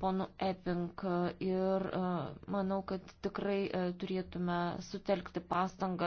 ponu Epping ir e, manau, kad tikrai e, turėtume sutelkti pastangas